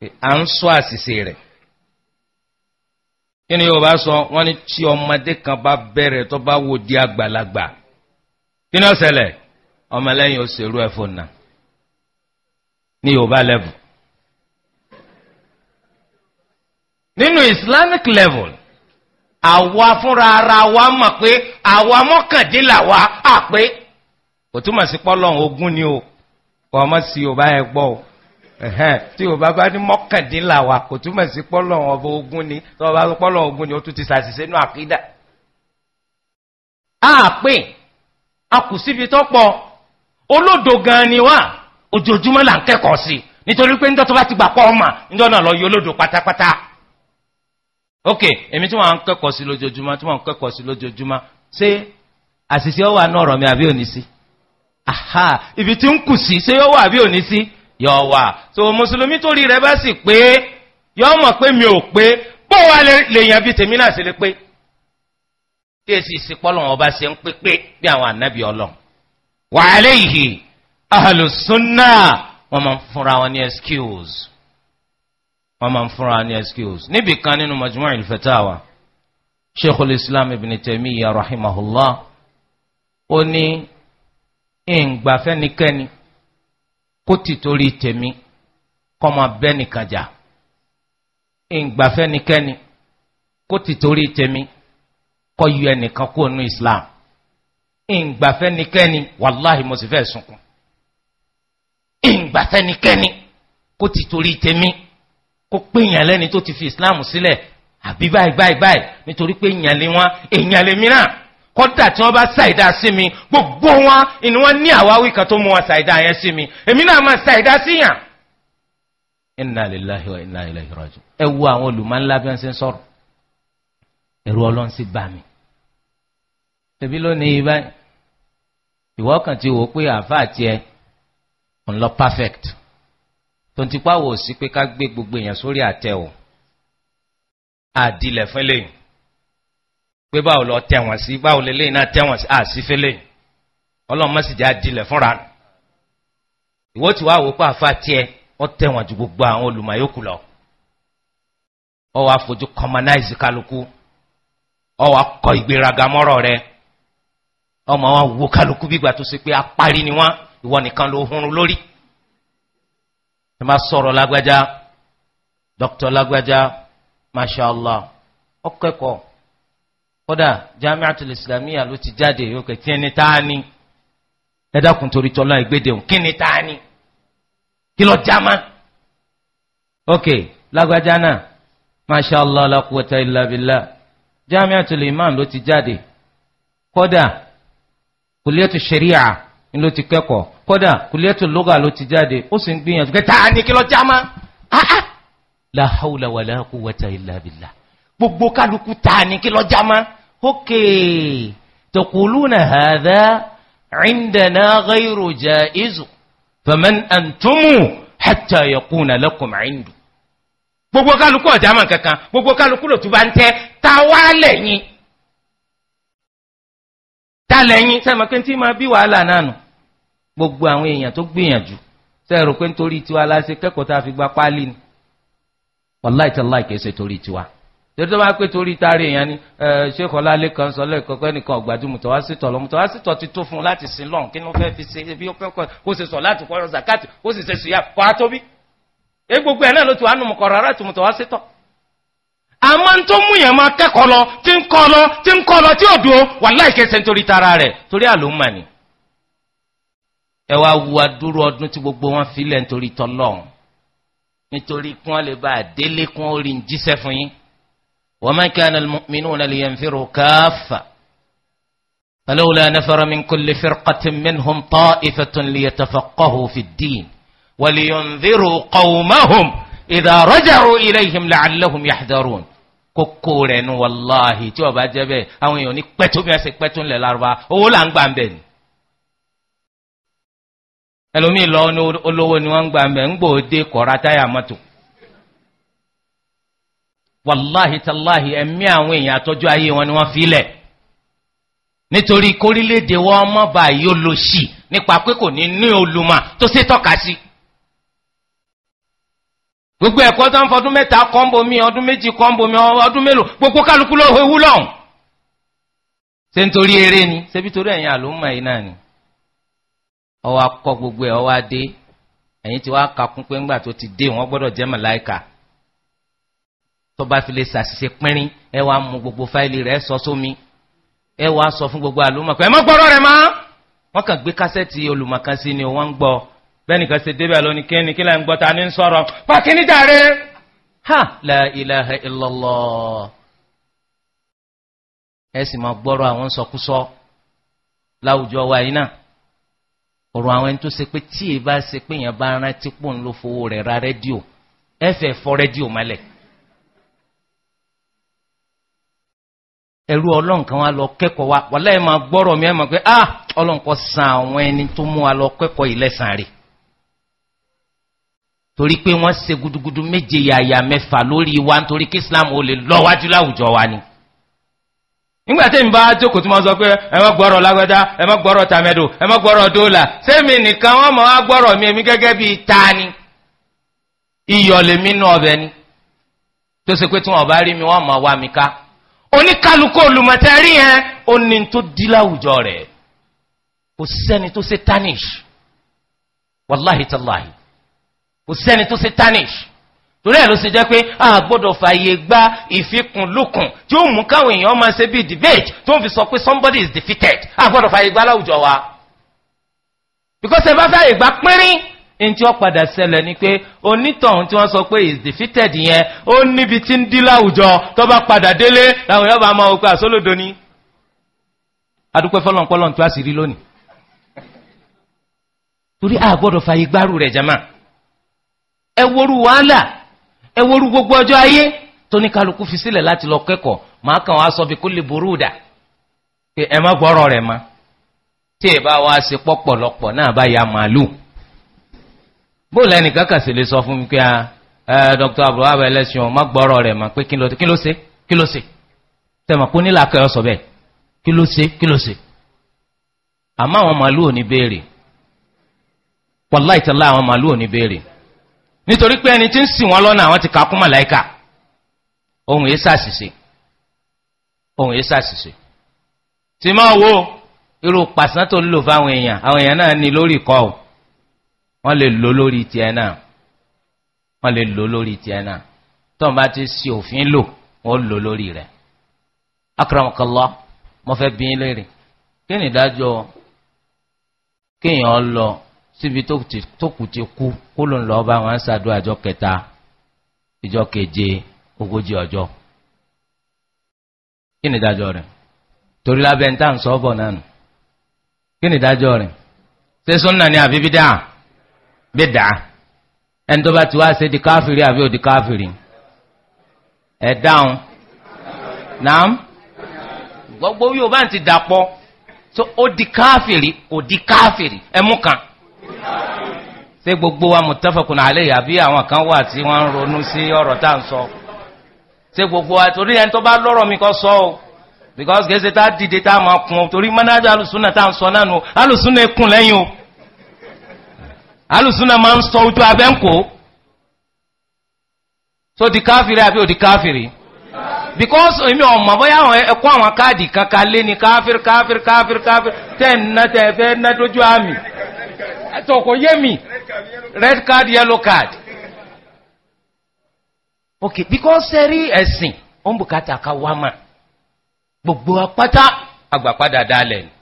à ń sọ àṣìṣe rẹ̀ kí ni Yorùbá sọ wọ́n ní tí ọmọdé kan bá bẹ̀rẹ̀ tó bá wò di àgbàlagbà kí ni ó ṣẹlẹ̀ ọmọlẹ́yìn òṣèlú ẹ̀fọ́ nà ní Yorùbá level nínú Islamic level àwa fúnra ara wa mọ̀ pé àwa mọ́kàndínláwa àpé kò túmọ̀ sí pọ́lọ́hún ogún ni o kò ọmọ sí Yorùbá ẹ gbọ́ o tí o bá bá ní mọ́kàndínláwa kò túmọ̀ sí pọ́lọ̀ ọba ogun ni tó o bá sọ pọ́lọ̀ ogun ni o tún ti ṣàṣìṣe nínú àkídà. a pè a kù síbi tó pọ̀ olódo gan ni wá ojoojúmọ́ là ń kẹ́kọ̀ọ́ sí i nítorí pé níjọ́ tó bá ti gbà pọ́ ọmọ níjọ́ náà lọ yí olódo pátápátá. ok èmi tí wọ́n á ń kẹ́kọ̀ọ́ sí lójoojúmọ́ tí wọ́n ń kẹ́kọ̀ọ́ sí lójoojúmọ́ ṣé àṣìṣe ọwà náà ọ̀rọ̀ mi àbí òní sí? aha ibi tí ń kù sí ṣé yóò wà àbí òní sí? yọ wà so mùsùlùmí tó rí rẹ bá sì pé yọ mọ̀ pé mi ò pé bó wa lèèyàn bíi tèmi náà sì lè pé tí èsì ìsìpọ́lọ̀ wọn bá ṣe ń pé pé bí àwọn ànábì ọlọ́run wà á lè yìí ahàlùsúnà wọ́n máa ń fúnra wọn ní excuse wọ́n máa ń fúnra wọn ní excuse níbi kan nínú majmu' al-fatawa sheikhul islam ibn taymiyyah rahimahullah ó ní ìǹgbàfẹ́nikẹ́ni kó ti torí tèmi kọ́ máa bẹ́ nìkan jà ìgbàfẹ́nikẹ́ni kó ti torí tèmi kọ́ yọ ẹnìkan kó nu Islam ìgbàfẹ́nikẹ́ni wàláhì mo sì fẹ́ sunkún ìgbàfẹ́nikẹ́ni kó ti torí tèmi kó pèèyàn lẹ́ni tó ti fi Islam sílẹ̀ àbí báyìí báyìí báyìí nítorí pé èèyàn lé wọn èèyàn lé mìíràn kọ́dà tí wọ́n bá ṣàìdá sí mi gbogbo wọn ìní wọn ní àwáwí kan tó mú wọn ṣàìdá yẹn sí mi èmi náà máa ṣàìdá sí yàn. inna lillahi wa inna ilaihi raji'un ẹ wo àwọn olùmọ̀ńlá bí wọ́n ṣe ń sọ̀rọ̀ ẹ̀rù ọlọ́run sì bá mi. tẹ̀bí lónìí ibà ìwọ kan ti wò ó pé àáfàá tiẹ̀ ń lọ perfect tó ń tipa wò sí pé ká gbé gbogbo èèyàn sórí àtẹ ò àdìlẹ̀ fẹ́lẹ́yìn pé báwo lọ si sí báwo lè léyìn náà tẹ̀wọ̀n sí àsífẹ́lẹ̀ ọlọ́run má fúnra ìwọ tí wàá wò pé àfa ọ gbogbo àwọn lọ ọ wàá fojú commonize kálukú ọ wàá kọ ìgbéraga mọrọ rẹ ọmọ wa wo kálukú bígbà tó ṣe pé apárí ni wọn ìwọ nìkan ló lórí ẹ má lágbájá lágbájá kódà jamiatul islamiyya ló ti jáde yóò kẹ kí ni táà ní ẹ dákun torí tọ́lá ìgbédèhùn kí ni táà kí lọ jámá. ok lágbájá náà masha allah la quwwata illa billah jamiatul iman ló ti jáde kódà kùlẹ́tù sẹ̀ríà ni ló ti kẹ́kọ̀ọ́ kódà kùlẹ́tù lóga ló ti jáde ó sì ń gbìyànjú kẹ́ táà kí lọ jámá. Ah, ah. la hawla wala quwwata illa billah gbogbo kálukú táà kí lọ jámá. اوكي تقولون هذا عندنا غير جائز فمن انتم حتى يكون لكم عنده gbogbo kálukú ọ̀já mọ̀ kankan gbogbo kálukú ló tún bá ń tẹ́ ta wá lẹ́yìn ta lẹ́yìn sẹ́mi pé tí máa bí wàhálà náà nù gbogbo àwọn èèyàn tó gbìyànjú sẹ́rù pé nítorí tiwa la ṣe kẹ́kọ̀ọ́ tá a fi gba páálí ni wàláìtàláì kìí ṣe torí tiwa torí tó bá pé torí taari èèyàn ni ṣé kọlá lẹ́kàn sọ lẹ́kọ̀ọ́ pé nìkan ọ̀gbájú mùtọ́wásítọ̀ lọ mùtọ́wásítọ̀ ti tó fún un láti sin lọ́n kí ló fẹ́ fi ṣe ebi ọpẹ́ kọ́ ó sì sọ láti kọ́yọ̀ zakati ó sì ṣe sùyà kọ́ á tóbi èyí gbogbo ẹ̀ náà ló ti wà nù mùkọ̀rọ̀ ara tó mùtọ́wásítọ̀. àmọ́ ń tó mú yẹn máa kẹ́kọ̀ọ́ lọ tí ń kọ́ lọ tí ń kọ́ lọ tí ò dúró wà láìké ṣe nítorí tara rẹ̀ وما كان المؤمنون لينفروا كافة فلولا نفر من كل فرقة منهم طائفة ليتفقهوا في الدين ولينذروا قومهم إذا رجعوا إليهم لعلهم يحذرون كوكول والله توبا جبي أو يوني كبتو بيس كبتو للأربعة أولان بامبين ألومي لونو ألوو نوان بامبين بودي كوراتا ماتو wàláhì ẹ̀mí àwọn èèyàn àtọ́jú ayé wọn ni wọ́n filẹ̀ nítorí kórílẹ̀-èdè wọn ọmọ báyìí ó lo sí nípa pé kò ní ní olùmọ̀ tó ṣe tọ́ka sí. gbogbo ẹ̀kọ́ tó ń fọdún mẹ́ta kọ́ńbó mi ọdún méjì kọ́ńbó gbogbo kálukú ló ṣé nítorí ni torí ẹ̀yin yìí náà ni. ọwọ́ akọ gbogbo ẹ̀ ọwọ́ adé ẹ̀yin kakún pé ńgbà ti dé wọn gbọ́dọ̀ jẹ́ tó bá fi lè ṣàṣìṣe pínrín ẹ wàá mú gbogbo fáìlì rẹ̀ sọ sómi ẹ wàá sọ fún gbogbo àlùmọ̀ ẹ má gbọ́rọ̀ rẹ̀ mọ́ wọ́n kàn gbé kásẹ̀tì olùmọ̀kan ni wọ́n ń gbọ́ bẹ́ẹ̀ nìkan ṣe débẹ̀ lónìí kí ni kí láì ń gbọ́ ta ni ń sọ̀rọ̀ pàkínní dàrẹ́ ha la ilaha illallah ẹ sì máa gbọ́rọ̀ àwọn sọkúsọ láwùjọ wa yìí náà ọ̀rọ̀ àwọn ẹni tó ṣe pé tí èyí bá ṣe pé èèyàn bá rántí pò ń lo fowó rẹ̀ ra rédíò ẹ fẹ́ fọ́ rédíò mọ́lẹ̀ ẹ̀rú ọlọ́run kan wá lọ kẹ́kọ̀ọ́ wa wà lẹ́yìn máa gbọ́rọ̀ mi ẹ̀ mọ̀ pé ah ọlọ́run kọ́ san àwọn ẹni tó mú wa lọ kẹ́kọ̀ọ́ ìlẹ́sàn rẹ̀ torí pé wọ́n ṣe gudugudu méje yàyà mẹ́fà lórí wa nítorí kí islam ò lè lọ láwùjọ wa ni nígbà tí mi bá jókòó tí mo sọ pé ẹ má gbọ́rọ̀ lágbádá ẹ má gbọ́rọ̀ tàmẹ́dò ẹ má gbọ́rọ̀ dọ́là sẹ́mi nìkan wọ́n mọ̀ wá gbọ́rọ̀ mi èmi gẹ́gẹ́ bíi ta ni iyọ̀ lèmi nú ọbẹ̀ ni tó ṣe pé tí wọ́n bá rí mi wọ́n mọ̀ wá mi ká oníkálukú olùmọ̀tẹ́rí yẹn ó ní tó dí láwùjọ rẹ̀ kò sẹ́ni tó ṣe tanish wàláhì tàláhì kò sẹ́ni tó ṣe tanish torí ẹ̀ ló ṣe jẹ́ pé a gbọ́dọ̀ fààyè gba ìfikùnlukùn tí ó mú káwọn èèyàn máa ṣe bíi debate tó ń fi sọ pé somebody is defeated a gbọ́dọ̀ fààyè gba láwùjọ wa because ẹ bá fààyè gba pínrín ntí ó padà ṣẹlẹ̀ ni pé onítọ̀hún tí wọ́n sọ pé is defeated yẹn ó níbi tí ń dí láwùjọ tó bá padà délé làwọn yóò bá máa wò pé àsólòdò ni adúpẹ́ fọlọ́npọ́lọ́ tó a sì rí lónìí torí a gbọ́dọ̀ fààyè gbárù rẹ̀ jama ẹ woru wàhálà ẹ woru gbogbo ọjọ́ ayé tóníkàlùkù fi sílẹ̀ láti lọ kẹ́kọ̀ọ́ màá kàn wá sọ bí kò lè ború dà pé ẹ má gbọ́rọ̀ rẹ̀ ma tí ì bá wa ṣe pọ̀pọ̀lọpọ̀ náà bá ya màálù. bóòlù ẹnìkan kà sí lè sọ fún mi pé ah, eh, dr abdulwahab ẹlẹ́sìn ọ̀hún má gbọ́rọ̀ rẹ̀ mà pé kí ló ṣe kí ló ṣe tẹ̀mọ̀ kó nílà kẹyọ sọ bẹ́ẹ̀ kí ló ṣe kí ló ṣe àmọ́ àwọn màálù ò ní béèrè wàláì tẹ́lá àwọn màálù ò ní béèrè nítorí pé ẹni tí ń sìn wọn lọ́nà àwọn ti kà kún màláìkà ohun yìí ṣàṣìṣe ohun yìí ṣàṣìṣe tí wo irú pàṣán tó lò fáwọn èèyàn àwọn èèyàn náà ní lórí ìkọ́ ò wọ́n lè lò lórí ti ẹ̀nà wọ́n lè lò lórí ti ẹ̀nà tọ́n bá ti sí òfin lò wọ́n lò lórí rẹ̀ akramakallah mo fẹ́ bí lérè kí ni ìdájọ́ kéèyàn lọ síbi tó kù ti kú kó ló ń lọ bá wọn ṣàdó àjọ kẹta ìjọ keje ogójì ọjọ́ kí ni ìdájọ́ rẹ̀ torí lábẹ́ ń tà ń náà nù kí ni ìdájọ́ rẹ̀ ṣé súnà ni àbí bídà bídà ẹni tó bá ti wá ṣe di káfìrí àbí ò di káfìrí ẹ dáhùn naam gbogbo yóò bá ń ti dàpọ̀ so ó di káfìrí kò di káfìrí ẹ mú kan ṣé gbogbo wa muttafaqun alayhi àbí àwọn kan wà tí wọ́n ń ronú sí ọ̀rọ̀ tá à ń sọ ṣé gbogbo wa torí ẹni tó bá lọ́rọ̀ mi kọ́ sọ o because gẹ̀ẹ́sì tá dìde tá a máa kun torí mọ́nájà alùsùnà tá à ń sọ náà nù alùsùnà ekun lẹ́yìn o alùsùnà máa ń sọ ojú abẹ́ ń kó so di káfìrí àbí òdi káfìrí because èmi ọmọ bóyá àwọn ẹkọ àwọn káàdì kankan lé ní káfìrí káfìrí káfìrí káfìrí ten ń ná tẹ́ fẹ́ ná àmì ẹ̀tọ́ kò yé mi red card yellow card ok because sẹ́rí ẹ̀sìn ó ń bùkátà ká wá mà gbogbo apáta àgbàpadà dálẹ̀ ni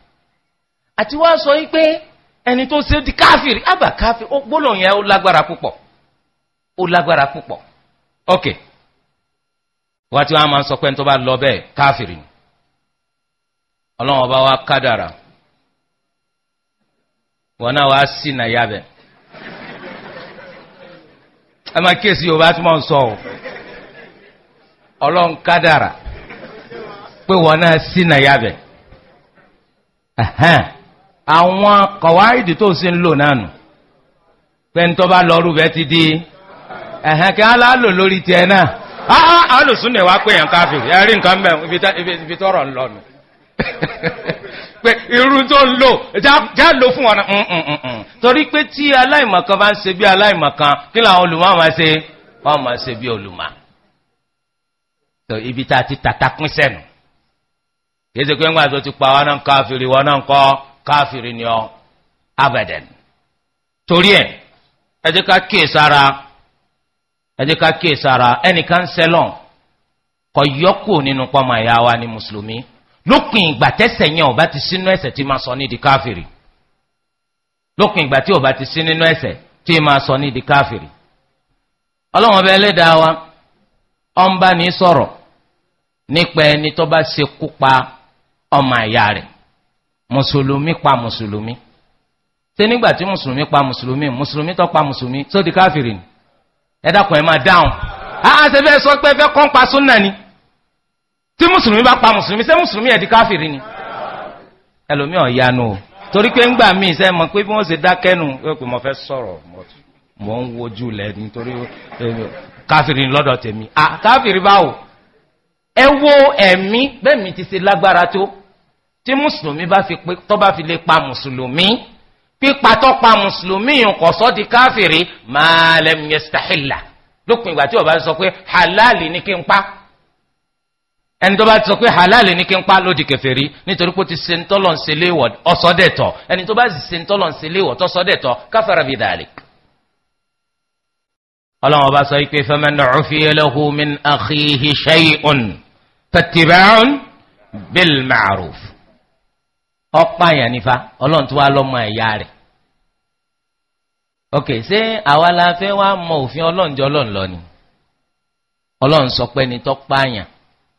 àti wá sọ yí pé ẹni tó ṣe di káfìrí àbà káfìrí ó olagbara yẹn ó lágbára púpọ̀ ó lágbára púpọ̀ ok wá tí wọ́n máa sọ pé ọba wa kádàrà wọn náà wá sí nàyà bẹ́ẹ̀ ẹ máa kíyèsí yorùbá tí sọ o kádàrà pé wọn àwọn kọ̀wáìdì tó sì ń lò nánu pé ń tọ́ bá lọ́rù bẹ́ ti di ẹ̀hẹ́n kí á lálò lórí tiẹ̀ náà áá alùsùnà wá pé èèyàn káfíìrì ẹ̀rí nǹkan bẹ̀ ibi tọ́rọ̀ ń lọ́nu pé irú tó ń lò já lò fún wọn mm, mm, mm, torí pé tí aláìmọ̀kan bá ń ṣe bí aláìmọ̀kan kí làwọn olùmọ̀ máa ṣe wọ́n máa ṣe bí olùmọ̀ ibi tá a ti tàtàkùn sẹ́nu kí ẹ ṣe pé ńgbà tó ti pa wọn náà káfíìrì wọn náà kọ́ káfìrí ni ọ abadan torí ẹ ẹ jẹ́ ká kíyè sára ẹ jẹ́ ká kíyè sára ẹnìkan sẹlọn kọ yọkù nínú pọmọ ẹyà wa ní mùsùlùmí lópin ìgbà tẹ̀ṣẹ̀ yẹn ọba ti sínú ẹ̀ṣẹ̀ tí máa sọ ní di káfìrí lópin ìgbà tí ọba ti sí nínú ẹ̀ṣẹ̀ tí máa sọ ní di káfìrí Ọlọ́run ọba ẹlẹ́dàá wa ọ̀nba ní sọ̀rọ̀ nípa ẹni tó bá ṣekú pa ọmọ ẹ̀yà rẹ̀ mùsùlùmí pa mùsùlùmí ṣé nígbà tí mùsùlùmí pa mùsùlùmí mùsùlùmí tó pa mùsùlùmí tó di káfìrì ni ẹ dákun ẹ máa dáhùn àá ṣe fẹ́ sọ pé fẹ́ kọ́ ń pa súnà ni tí mùsùlùmí bá pa mùsùlùmí ṣé mùsùlùmí ẹ̀ di káfìrì ni ẹlòmí ọ̀yanu o torí pé ńgbà míì sẹ́ mọ̀ pé bí wọ́n ṣe dákẹ́nu pé mo fẹ́ sọ̀rọ̀ mo ń wojú lẹ̀ nítorí káfìrì lọ́dọ̀ tèmi káfìrì báwo ẹ wo ẹ̀mí bẹ́ẹ̀ mi ti ṣe lágbára tó tí mùsùlùmí bá fi pé tó bá fi lè pa mùsùlùmí pípa tó pa mùsùlùmí yìí kò sọ di káfìrí ma lam yastahilla lópin ìgbà tí ó bá sọ pé halali ni kí n pa ẹni tó bá sọ pé halali ni kí n pa ló di kèfèrí nítorí pé ó ti ṣe ń tọ́lọ̀ ń ṣe ẹni tó bá sì ṣe ń tọ́lọ̀ ń ṣe léèwọ̀ tọ́sọ́dẹ̀tọ̀ kafara bi dhalik. ọlọ́run ọba sọ pé faman ufiya lahu min akhihi shay'un fattiba'un bil ma'ruf ọ̀pá àyàn nífa ọlọ́run tó wá lọ́mọ ẹ̀yà rẹ̀ ok ṣé àwa la fẹ́ wá mọ òfin ọlọ́run jọ ọlọ́run lọ ni ọlọ́run sọ pé ẹni tó pa àyàn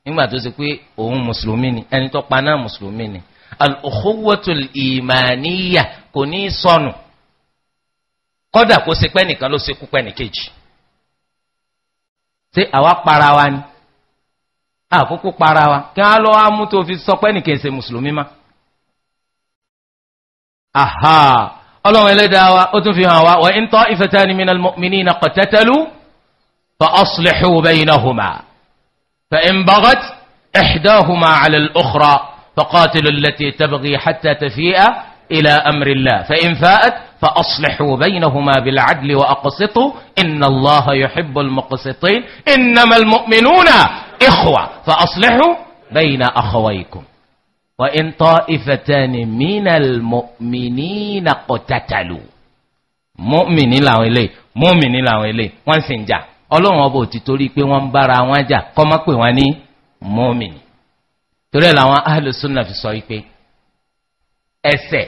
nígbà tó ṣe pé òun mùsùlùmí ni ẹni tó pa náà mùsùlùmí ni al-ukhuwatul imaniyya kò ní í sọnù kódà kó ṣe pé nìkan ló ṣekú pé nìkejì ṣé àwa para wa ni àkókò para wa kí wọ́n á lọ́wọ́ mú tó fi sọ pé nìkan ṣe mùsùlùmí máa. أها ألوه لدى أتفهم وإن طائفتان من المؤمنين قتتلوا فأصلحوا بينهما فإن بغت إحداهما على الأخرى فقاتل التي تبغي حتى تفيء إلى أمر الله فإن فاءت فأصلحوا بينهما بالعدل وأقسطوا إن الله يحب المقسطين إنما المؤمنون إخوة فأصلحوا بين أخويكم wa in ta'ifatani minal mu'minina qatatalu mu'mini làwọn eléyìí mu'mini làwọn eléyìí wọ́n sì ń jà ọlọ́run ọba ò ti torí pé wọ́n ń bára wọn jà kọ́ má pè wọ́n ní mu'mini torí ẹ̀ làwọn ahlu fi sọ pé ẹ̀ṣẹ̀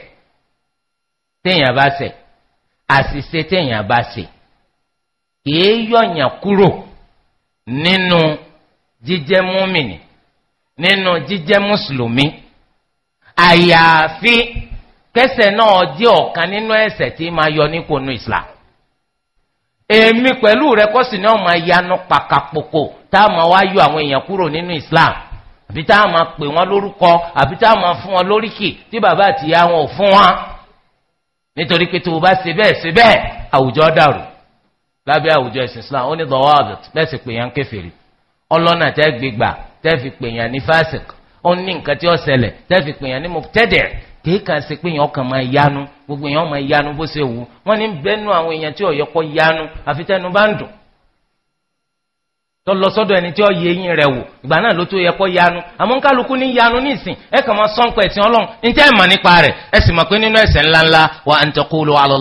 téèyàn bá ṣẹ̀ àṣìṣe téèyàn bá ṣe kìí yọ̀yàn kúrò nínú jíjẹ́ mu'mini nínú jíjẹ́ mùsùlùmí àyàfi kẹsẹ̀ náà jẹ́ ọ̀kan nínú ẹ̀sẹ̀ tí máa yọ ní konu islam èmi pẹ̀lú rẹ kọ́sì náà máa yanu pàkàpòkò tá a máa wá yọ àwọn èèyàn kúrò nínú islam àbí tá a máa pè wọn lórúkọ àbí tá a máa fún wọn lóríkì tí bàbá àtìyá wọn ò fún wọn nítorí pé tó o bá ṣe bẹ́ẹ̀ ṣe bẹ́ẹ̀ àwùjọ dàrú lábẹ́ àwùjọ ẹ̀sìn islam ó ní dọ̀wọ́ àbẹ̀t bẹ́ẹ̀ sì pè yàn kéfèrè ọlọ́nà tẹ́ gbégbà tẹ́ fi pè yàn ní fásitì ó ní nǹkan tí ó ṣẹlẹ̀ tẹ́fì pè yàn ní mubtadi' kìí kàn ṣe pé yàn ọkàn máa yanu gbogbo yàn máa yanu bó ṣe wù wọ́n ní bẹ́nu àwọn èèyàn tí ọ̀yọ́ kọ́ yanu àfi tẹ́nu bá ń dùn tọ́lọ sọ́dọ̀ ẹni tí ó yẹ eyín rẹ̀ wò ìgbà náà ló tó yẹ yanu ní yanu ẹ kàn wa an taqulu ala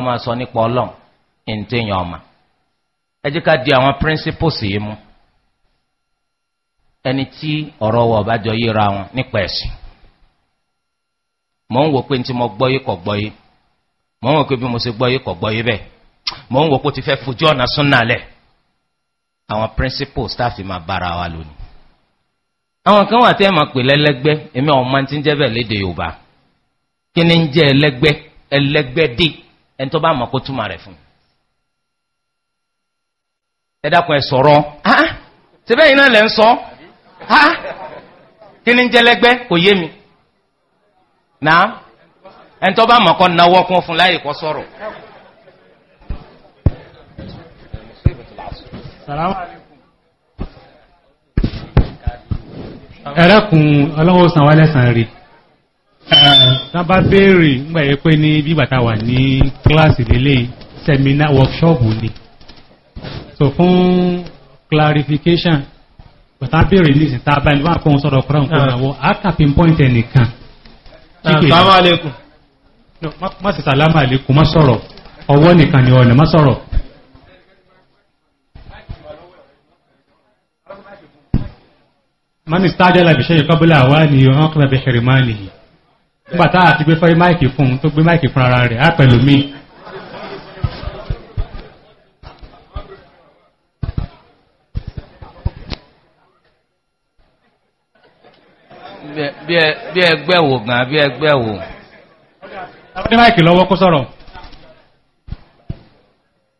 máa sọ nípa ẹ ká di àwọn yìí mú ẹni tí ọ̀rọ̀ wọ̀ bá jọ yíra wọn nípa ẹ̀sìn mò ń wò pé tí mo gbọ́ yìí kọ̀ gbọ́ yìí mò ń wò pé bí mo ṣe gbọ́ yìí kọ̀ gbọ́ yìí bẹ́ẹ̀ mò ń wò pé ó ti fẹ́ fojú ọ̀nà súnà lẹ̀ àwọn principles tá a fi máa bára wa lónìí àwọn kan wà tẹ́ ẹ̀ máa pè lẹ́lẹ́gbẹ́ èmi àwọn máa ti ń jẹ́ bẹ́ẹ̀ léde yorùbá kí ni ń jẹ́ ẹlẹ́gbẹ́ ẹlẹ́gbẹ́ dé ẹni tó bá mọ̀ kó túmọ̀ rẹ̀ fún ẹ dákun ẹ sọ̀rọ̀ ṣe bẹ́ẹ̀ yìí náà lẹ́ ń sọ kí ni jẹlẹgbẹ́ kò yé mi náà ẹni tó bá mọ̀ kọ́ náwó kún fún láyè kọ́ sọ̀rọ̀. ẹ̀rẹ́kùn ọlọ́wọ́ san wálẹ̀ san rí tá bá béèrè nígbà yẹn pé ní bí bàtà wà ní kíláàsì lélẹ̀ sẹ́mínà wọ́kṣọ́ọ̀bù ni so fún clarification bàtà bèrè nísìn tá a bá ẹni wá kó ń sọ̀rọ̀ kúrọ̀ nǹkan ìrànwọ́ ah. a kà fi point ẹ̀ nìkan. salamu aleykum. Ah, má sì salamu ma má sọ̀rọ̀ ọwọ́ nìkan ni ọ̀nà má sọ̀rọ̀. mani stajala bi sẹ́yìn kọ́bílà wà ní ọ̀hún kọ́bílà bi hẹ̀rìmánì yìí. nígbà tá a ti gbé fẹ́ máìkì fún un tó gbé máìkì ara rẹ̀ á pẹ̀lú bí ẹgbẹ́ wò gan bí ẹgbẹ́ wò. ẹni tó ní máìkì lọ́wọ́ kó sọ̀rọ̀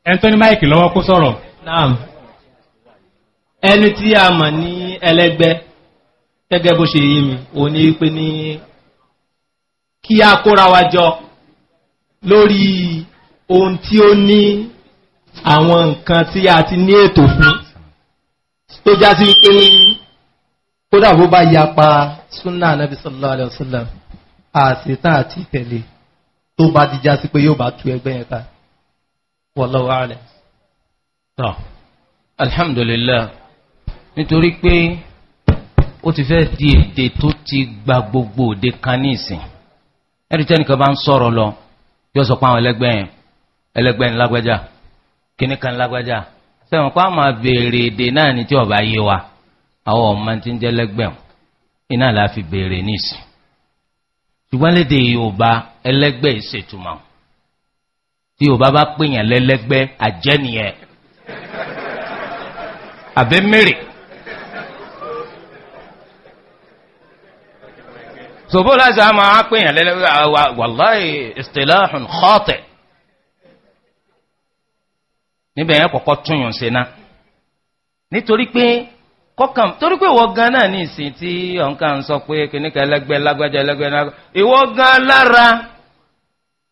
ẹni tó ní máìkì lọ́wọ́ kó sọ̀rọ̀. naam ẹni tí a mọ̀ ní ẹlẹ́gbẹ́ gẹ́gẹ́ bó ṣe yé mi òun ni pé ní kí a kóra wa jọ lórí ohun tí ó ní àwọn nǹkan tí a ti ní ètò fún tó já sí pé ní kódà bó bá yapa súnà anábì sallallahu alayhi wa sallam àṣetán àti ìtẹ̀lé tó bá ti já sí pé yóò bá tú ẹgbẹ́ yẹn ká wallahu a'lam. tọ́ alhamdulillah nítorí pé ó ti fẹ́ di èdè tó ti gba gbogbo òde kan ní ìsìn ẹ̀rí tẹ́nìkan bá ń sọ̀rọ̀ lọ yóò sọ pé àwọn ẹlẹ́gbẹ́ yẹn ẹlẹ́gbẹ́ ńlágbájá kíníkan ńlágbájá sẹ́wọ̀n pé àwọn àbèrè èdè náà ní tí ọba yé wa àwọn ọmọ tí ń jẹ́ lẹ́gbẹ̀rún iná la fi béèrè nísìn ṣùgbọ́n léde yorùbá ẹlẹ́gbẹ́ ìṣètùmọ̀ tí yorùbá bá pèèyàn lẹ́lẹ́gbẹ́ àjẹ́nìyẹn àbẹ́ mẹ́rẹ̀ sòbó láti àmà á pèèyàn lẹ́lẹ́gbẹ́ wàláì istilahun khati níbẹ̀ yẹn kọ̀kọ́ túnyùn sí náà nítorí pé kọkàn torí pé ìwọ gan náà ní ìsìn tí ọ̀nkà ń sọ pé kìnnìkan ẹlẹgbẹ́ lágbájá ẹlẹgbẹ́ náà ìwọ gan lára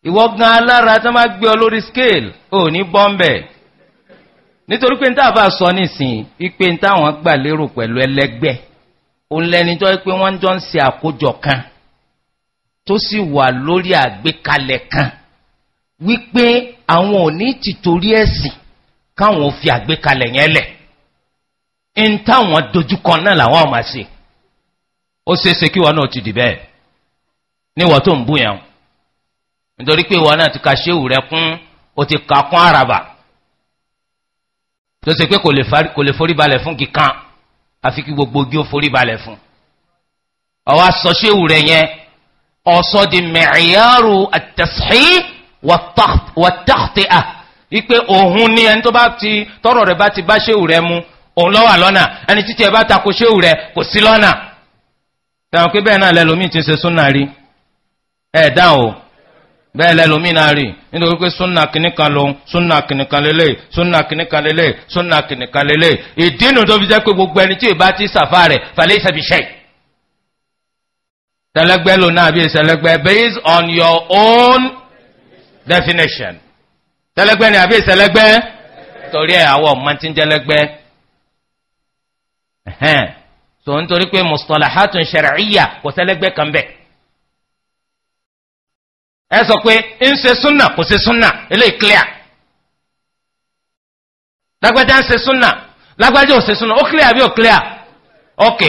ìwọ gan alára tí wọ́n gbé ọ lórí scale ò ní bọ́m̀bẹ̀ nítorí pé níta bá sọ nísìn wípé níta wọn gbà lérò pẹ̀lú ẹlẹgbẹ́ òun lẹni tó yẹ pé wọ́n jọ ń ṣe àkójọ kan tó sì wà lórí àgbékalẹ̀ kan wípé àwọn ò ní tìtorí ẹ̀sìn káwọn ò fi àgbékalẹ̀ yẹn lẹ̀ ń táwọn dojúkọ náà làwọn ọmọ sí ó ṣeéṣe kí wọn náà ti dì bẹ́ẹ̀ níwọ̀n tó ń bú yẹn nítorí pé ìwọ náà ti ka ṣéwù rẹ kún ó ti ka kún àràbà tó ṣe pé kò lè forí balẹ̀ fún kíkan àfi kí gbogbo ogi ó forí balẹ̀ fún ọwọ́ aṣọ ṣéwù rẹ yẹn ọ̀sọ́ di mẹ̀ẹ́yàrú àtẹ̀sí wọ́tàkìtì à wípé òun ni ẹni tó bá ti tọrọ rẹ bá ti bá ṣéwù rẹ mu òun ló wà lọ́nà ẹni títí ẹ bá tako ṣéwù rẹ kò sí lọ́nà tẹ̀wọ̀n pé bẹ́ẹ̀ náà lẹ́lòmíì ti ṣe súnà rí ẹ̀ dáhùn o bẹ́ẹ̀ lẹ́lòmíì náà rí nítorí pé súnà kìnìkan lòun súnà kìnìkan lélẹ̀ súnà kìnìkan lélẹ̀ súnà kìnìkan lélẹ̀ ìdí tó fi jẹ́ pé gbogbo ẹni tí ìbá ti sàfà rẹ̀ fàlẹ́ ìsàbíṣẹ́ tẹlẹgbẹ́ lòun náà bí ìsẹlẹgbẹ́ based on your own definition tẹlẹgbẹ́ ni àbí ìsẹlẹgbẹ́ torí ẹ̀ àwọ̀ ọ̀mọ́ntínjẹlẹgbẹ́ so nítorí pé mustalahatun shar'iyya kò sẹ́lẹ́gbẹ́ kan bẹ̀. ẹ sọ pé ń ṣe súnà kò ṣe súnà eléyìí clear lágbájá ń ṣe súnà lágbájá ò ṣe súnà ó clear àbí o clear ok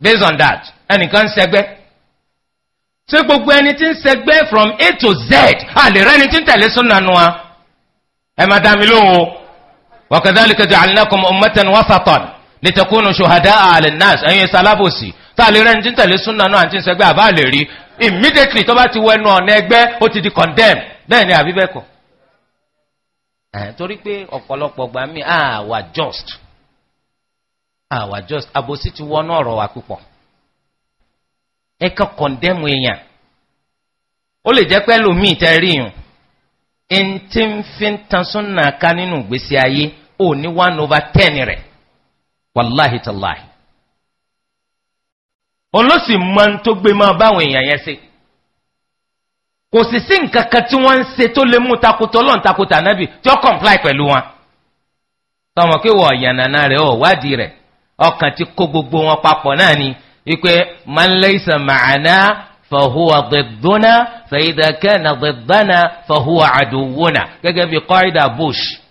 based on that ẹnìkan ń ṣẹgbẹ́ ṣé gbogbo ẹni tí ń ṣẹgbẹ́ from a to z àlè rẹ́ni tí ń tẹ̀lé súnà nu wa ẹ má dá mi lóhùn wa kadhalika ja'alnakum ummatan litakunu shuhada'a eyin salabosi nas tá a lè rẹ́ni tí ń súnà náà àti ti ọ̀nà ẹgbẹ́ ó ti di condemn bẹ́ẹ̀ ni àbí bẹ́ẹ̀ kọ́. torí pé ọ̀pọ̀lọpọ̀ gbà mí just àwa just àbòsí ti wọnú ọ̀rọ̀ wa púpọ̀ ẹ condemn èèyàn ó lè jẹ́ pẹ́ lómi ìtẹ́ rí yùn ẹni tí ń fi one over ten rẹ̀ wàláhì tàláhì òun ló sì mọ tó gbé máa báwọn èèyàn yẹn ṣe kò sì sí nǹkan kan tí wọ́n ń ṣe tó lè mú takotọ́ ọlọ́run takotọ́ ànábì tí ó comply pẹ̀lú wọn tọmọ pé wọ́n yànnàna rẹ̀ ọ̀ wádìí ọkàn ti kó gbogbo wọn papọ̀ náà ni wípé man laysa ma'ana fahuwa didduna fa idha kana diddana fahuwa aduwuna gẹ́gẹ́ bí qaida bush